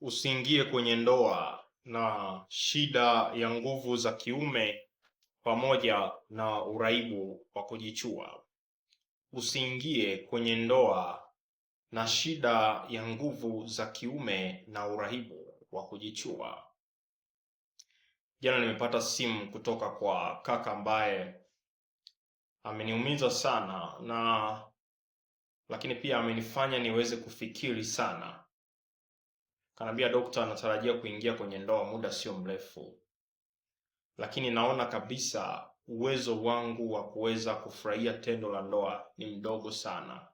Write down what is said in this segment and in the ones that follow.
usiingie kwenye ndoa na shida ya nguvu za kiume pamoja na uraibu wa kujichua. Usiingie kwenye ndoa na shida ya nguvu za kiume na uraibu wa kujichua. Jana nimepata simu kutoka kwa kaka ambaye ameniumiza sana na lakini pia amenifanya niweze kufikiri sana kaniambia dokta, anatarajia kuingia kwenye ndoa muda sio mrefu, lakini naona kabisa uwezo wangu wa kuweza kufurahia tendo la ndoa ni mdogo sana.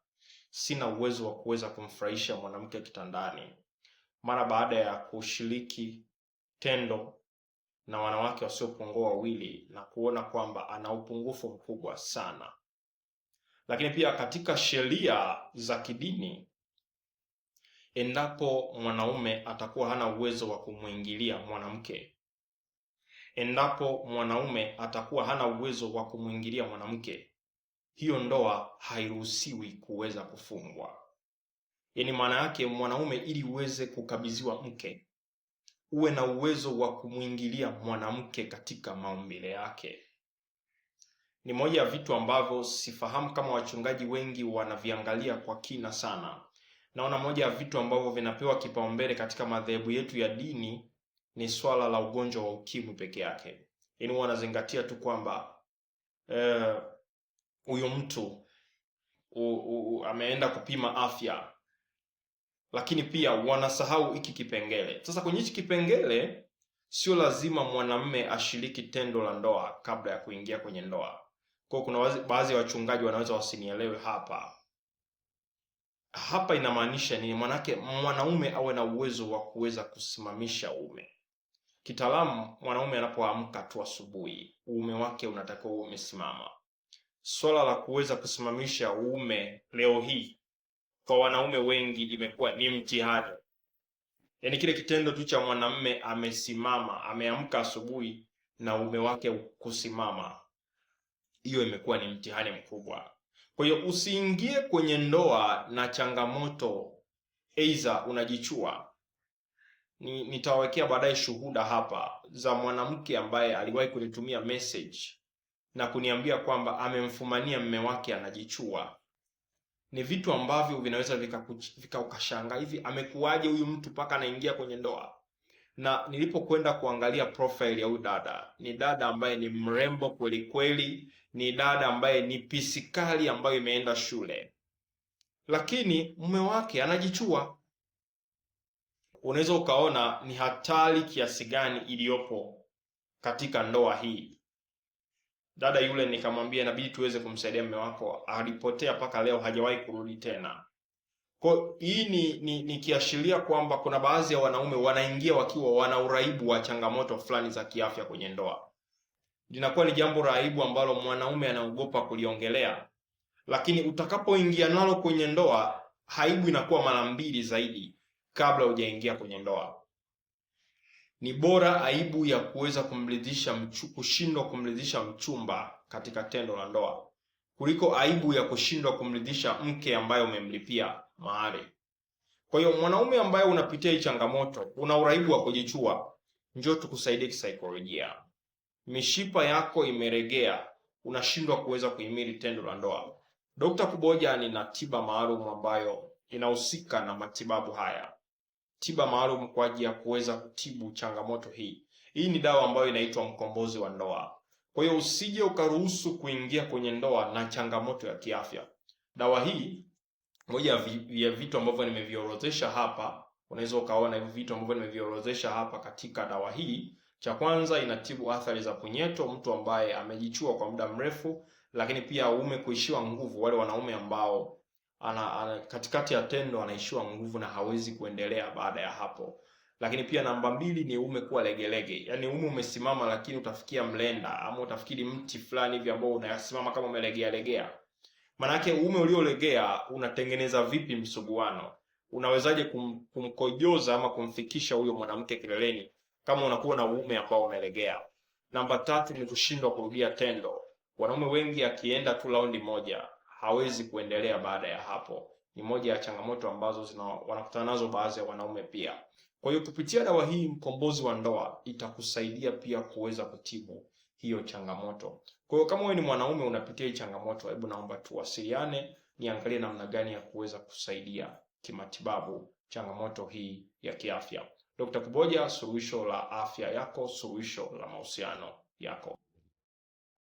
Sina uwezo wa kuweza kumfurahisha mwanamke kitandani. Mara baada ya kushiriki tendo na wanawake wasiopungua wawili na kuona kwamba ana upungufu mkubwa sana. Lakini pia katika sheria za kidini endapo mwanaume atakuwa hana uwezo wa kumwingilia mwanamke, endapo mwanaume atakuwa hana uwezo wa kumwingilia mwanamke, hiyo ndoa hairuhusiwi kuweza kufungwa. Yaani maana yake mwanaume, ili uweze kukabidhiwa mke, uwe na uwezo wa kumwingilia mwanamke katika maumbile yake. Ni moja ya vitu ambavyo sifahamu kama wachungaji wengi wanaviangalia kwa kina sana naona moja ya vitu ambavyo vinapewa kipaumbele katika madhehebu yetu ya dini ni swala la ugonjwa wa ukimwi peke yake. Yaani wanazingatia tu kwamba eh, huyu uh, mtu u, u, ameenda kupima afya, lakini pia wanasahau hiki kipengele. Sasa kwenye hiki kipengele sio lazima mwanamme ashiriki tendo la ndoa kabla ya kuingia kwenye ndoa. Kwa kuna baadhi ya wachungaji wanaweza wasinielewe hapa hapa inamaanisha nini? Manake mwanaume awe na uwezo wa kuweza kusimamisha uume. Kitaalamu, mwanaume anapoamka tu asubuhi, uume wake unatakiwa uwe umesimama. Swala la kuweza kusimamisha uume leo hii kwa wanaume wengi imekuwa ni mtihani, yaani kile kitendo tu cha mwanamume amesimama, ameamka asubuhi na uume wake kusimama, hiyo imekuwa ni mtihani mkubwa. Kwa hiyo usiingie kwenye ndoa na changamoto, aidha unajichua. Ni, nitawawekea baadaye shuhuda hapa za mwanamke ambaye aliwahi kunitumia message na kuniambia kwamba amemfumania mme wake anajichua. Ni vitu ambavyo vinaweza vikaukashanga vika hivi, amekuwaje huyu mtu mpaka anaingia kwenye ndoa? na nilipokwenda kuangalia profile ya huyu dada, ni dada ambaye ni mrembo kweli kweli, ni dada ambaye ni pisikali ambayo imeenda shule, lakini mume wake anajichua. Unaweza ukaona ni hatari kiasi gani iliyopo katika ndoa hii. Dada yule nikamwambia, inabidi tuweze kumsaidia mume wako, alipotea mpaka leo hajawahi kurudi tena. Kwa hii ni, ni, ni kiashiria kwamba kuna baadhi ya wanaume wanaingia wakiwa wana uraibu wa changamoto fulani za kiafya kwenye ndoa. Linakuwa ni jambo la aibu ambalo mwanaume anaogopa kuliongelea, lakini utakapoingia nalo kwenye ndoa, aibu inakuwa mara mbili zaidi kabla hujaingia kwenye ndoa. Ni bora aibu ya kuweza kumridhisha mchu, kushindwa kumridhisha mchumba katika tendo la ndoa kuliko aibu ya kushindwa kumridhisha mke ambaye umemlipia mahali. Kwa hiyo mwanaume ambaye unapitia hii changamoto, una uraibu wa kujichua, njoo tukusaidie kisaikolojia. Mishipa yako imeregea, unashindwa kuweza kuhimili tendo la ndoa. Dokta Kuboja nina tiba maalum ambayo inahusika na matibabu haya, tiba maalum kwa ajili ya kuweza kutibu changamoto hii. Hii ni dawa ambayo inaitwa mkombozi wa ndoa. Kwa hiyo usije ukaruhusu kuingia kwenye ndoa na changamoto ya kiafya. Dawa hii moja ya vitu ambavyo nimeviorodhesha hapa, unaweza ukaona hivi vitu ambavyo nimeviorodhesha hapa katika dawa hii. Cha kwanza inatibu athari za punyeto, mtu ambaye amejichua kwa muda mrefu, lakini pia uume kuishiwa nguvu, wale wanaume ambao ana, ana, katikati ya tendo anaishiwa nguvu na hawezi kuendelea baada ya hapo. Lakini pia namba mbili ni uume kuwa legelege, yaani uume umesimama, lakini utafikia mlenda ama utafikiri mti fulani hivi ambao unasimama kama legea. Maanake uume uliolegea unatengeneza vipi msuguano? Unawezaje kum, kumkojoza ama kumfikisha huyo mwanamke kileleni kama unakuwa na uume ambao umelegea? Namba tatu ni kushindwa kurudia tendo. Wanaume wengi akienda tu raundi moja hawezi kuendelea baada ya hapo. Ni moja ya changamoto ambazo zina wanakutana nazo baadhi ya wanaume pia. Kwa hiyo kupitia dawa hii Mkombozi wa Ndoa itakusaidia pia kuweza kutibu hiyo changamoto. Kwa hiyo kama wewe ni mwanaume unapitia hii changamoto, hebu naomba tuwasiliane, niangalie namna gani ya kuweza kusaidia kimatibabu changamoto hii ya kiafya. Dr. Kuboja, suluhisho la afya yako, suluhisho la mahusiano yako.